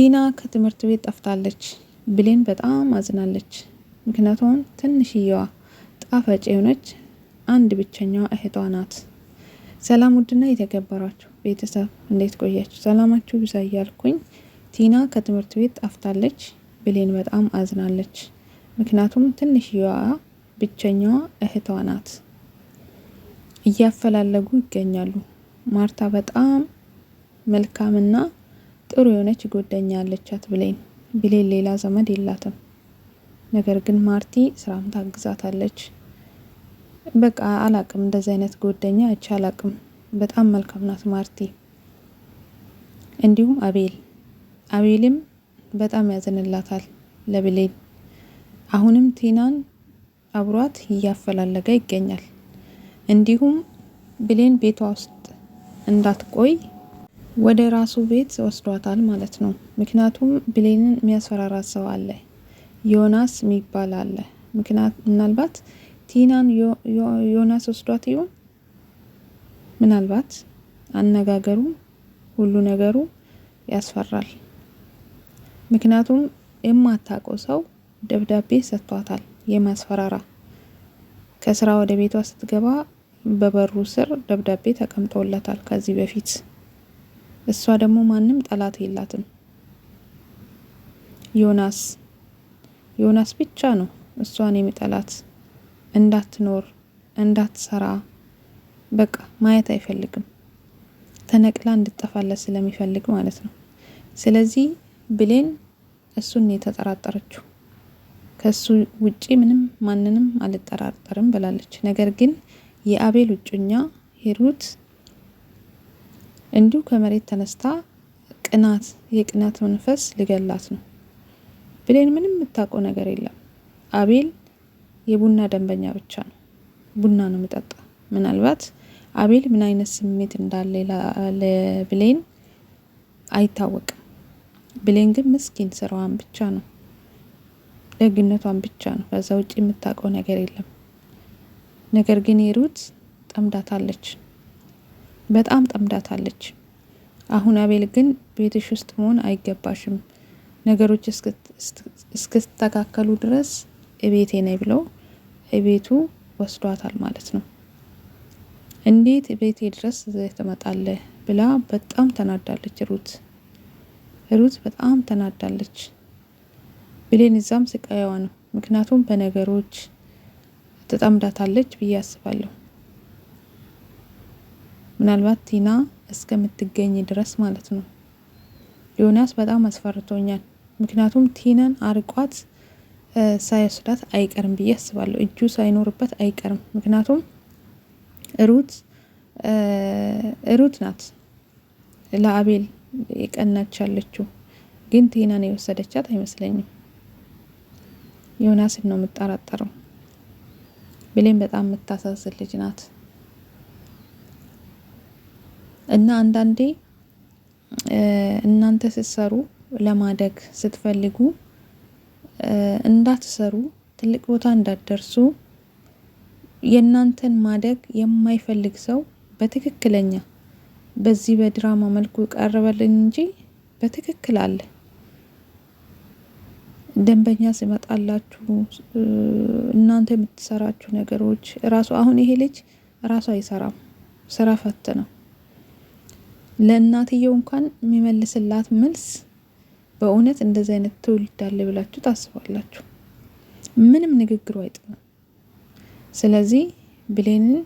ቲና ከትምህርት ቤት ጠፍታለች። ብሌን በጣም አዝናለች። ምክንያቱም ትንሽየዋ ጣፋጭ የሆነች አንድ ብቸኛዋ እህቷ ናት። ሰላም ውድና የተከበራችሁ ቤተሰብ እንዴት ቆያችሁ? ሰላማችሁ ብዛ እያልኩኝ ቲና ከትምህርት ቤት ጠፍታለች። ብሌን በጣም አዝናለች። ምክንያቱም ትንሽየዋ ብቸኛዋ እህቷ ናት። እያፈላለጉ ይገኛሉ። ማርታ በጣም መልካምና ጥሩ የሆነች ጎደኛ አለቻት ብሌን። ብሌን ሌላ ዘመድ የላትም። ነገር ግን ማርቲ ስራም ታግዛታለች። በቃ አላቅም፣ እንደዚህ አይነት ጎደኛ እች አላቅም። በጣም መልካም ናት ማርቲ። እንዲሁም አቤል አቤልም በጣም ያዝንላታል ለብሌን። አሁንም ቲናን አብሯት እያፈላለገ ይገኛል። እንዲሁም ብሌን ቤቷ ውስጥ እንዳትቆይ ወደ ራሱ ቤት ወስዷታል ማለት ነው። ምክንያቱም ብሌንን የሚያስፈራራት ሰው አለ፣ ዮናስ የሚባል አለ። ምክንያት ምናልባት ቲናን ዮናስ ወስዷት ይሆን? ምናልባት አነጋገሩ፣ ሁሉ ነገሩ ያስፈራል። ምክንያቱም የማታውቀው ሰው ደብዳቤ ሰጥቷታል፣ የማስፈራራ ከስራ ወደ ቤቷ ስትገባ በበሩ ስር ደብዳቤ ተቀምጦለታል ከዚህ በፊት እሷ ደግሞ ማንም ጠላት የላትም። ዮናስ ዮናስ ብቻ ነው እሷን የሚጠላት እንዳትኖር እንዳትሰራ በቃ ማየት አይፈልግም። ተነቅላ እንድጠፋለት ስለሚፈልግ ማለት ነው። ስለዚህ ብሌን እሱን የተጠራጠረችው ከሱ ውጪ ምንም ማንንም አልጠራጠርም ብላለች። ነገር ግን የአቤል እጮኛ ሄሩት እንዲሁ ከመሬት ተነስታ ቅናት የቅናት መንፈስ ልገላት ነው። ብሌን ምንም የምታውቀው ነገር የለም። አቤል የቡና ደንበኛ ብቻ ነው። ቡና ነው ምጠጣ። ምናልባት አቤል ምን አይነት ስሜት እንዳለ ለብሌን አይታወቅም። ብሌን ግን ምስኪን ስራዋን ብቻ ነው ደግነቷን ብቻ ነው። ከዛ ውጭ የምታውቀው ነገር የለም። ነገር ግን የሩት ጠምዳታለች። በጣም ጠምዳታለች። አሁን አቤል ግን ቤትሽ ውስጥ መሆን አይገባሽም፣ ነገሮች እስክስተካከሉ ድረስ እቤቴ ነ ብሎ እቤቱ ወስዷታል ማለት ነው። እንዴት እቤቴ ድረስ ትመጣለህ ብላ በጣም ተናዳለች። ሩት ሩት በጣም ተናዳለች። ብሌን እዛም ስቃይዋ ነው። ምክንያቱም በነገሮች ተጠምዳታለች ብዬ አስባለሁ። ምናልባት ቲና እስከምትገኝ ድረስ ማለት ነው። ዮናስ በጣም አስፈርቶኛል። ምክንያቱም ቲናን አርቋት ሳይወስዳት አይቀርም ብዬ አስባለሁ። እጁ ሳይኖርበት አይቀርም። ምክንያቱም ሩት ሩት ናት ለአቤል የቀናች ያለችው፣ ግን ቲናን የወሰደቻት አይመስለኝም። ዮናስን ነው የምጠራጠረው። ብሌን በጣም የምታሳዝን ልጅ ናት። እና አንዳንዴ እናንተ ስትሰሩ ለማደግ ስትፈልጉ እንዳትሰሩ ትልቅ ቦታ እንዳትደርሱ የእናንተን ማደግ የማይፈልግ ሰው በትክክለኛ በዚህ በድራማ መልኩ ቀረበልኝ እንጂ በትክክል አለ። ደንበኛ ሲመጣላችሁ እናንተ የምትሰራችሁ ነገሮች ራሱ አሁን ይሄ ልጅ ራሱ አይሰራም፣ ስራ ፈት ነው። ለእናትየው እንኳን የሚመልስላት መልስ በእውነት እንደዚህ አይነት ትውልድ አለ ብላችሁ ታስባላችሁ? ምንም ንግግሩ አይጥምም። ስለዚህ ብሌንን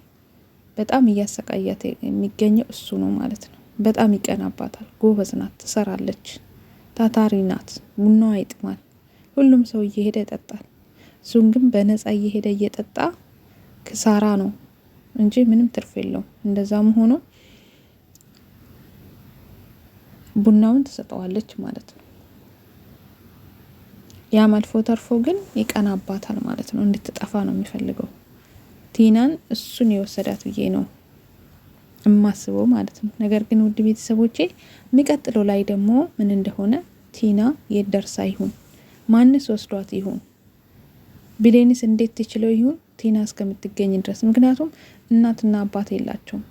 በጣም እያሰቃያት የሚገኘው እሱ ነው ማለት ነው። በጣም ይቀናባታል። ጎበዝ ናት፣ ትሰራለች፣ ታታሪ ናት፣ ቡናዋ ይጥማል፣ ሁሉም ሰው እየሄደ ይጠጣል። እሱን ግን በነፃ እየሄደ እየጠጣ ክሳራ ነው እንጂ ምንም ትርፍ የለውም። እንደዛም ሆኖ ቡናውን ትሰጠዋለች ማለት ነው። ያም አልፎ ተርፎ ግን ይቀናባታል ማለት ነው። እንድትጠፋ ነው የሚፈልገው። ቲናን እሱን የወሰዳት ብዬ ነው እማስበው ማለት ነው። ነገር ግን ውድ ቤተሰቦቼ የሚቀጥለው ላይ ደግሞ ምን እንደሆነ ቲና የት ደርሳ ይሁን፣ ማንስ ወስዷት ይሁን፣ ብሌንስ እንዴት ትችለው ይሁን ቲና እስከምትገኝ ድረስ ምክንያቱም እናትና አባት የላቸውም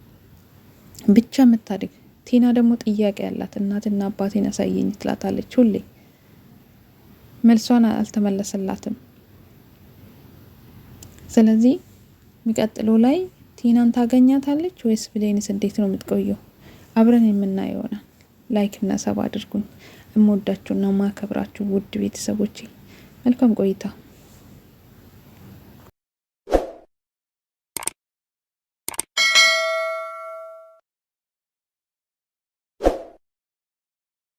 ብቻ የምታድግ ቲና ደግሞ ጥያቄ ያላት እናትና አባቴን ያሳየኝ ትላታለች ሁሌ። መልሷን አልተመለሰላትም። ስለዚህ የሚቀጥለው ላይ ቲናን ታገኛታለች ወይስ ብሌንስ እንዴት ነው የምትቆየው? አብረን የምናየው ይሆናል። ላይክ እና ሰብ አድርጉኝ። እምወዳችሁና ማከብራችሁ ውድ ቤተሰቦቼ መልካም ቆይታ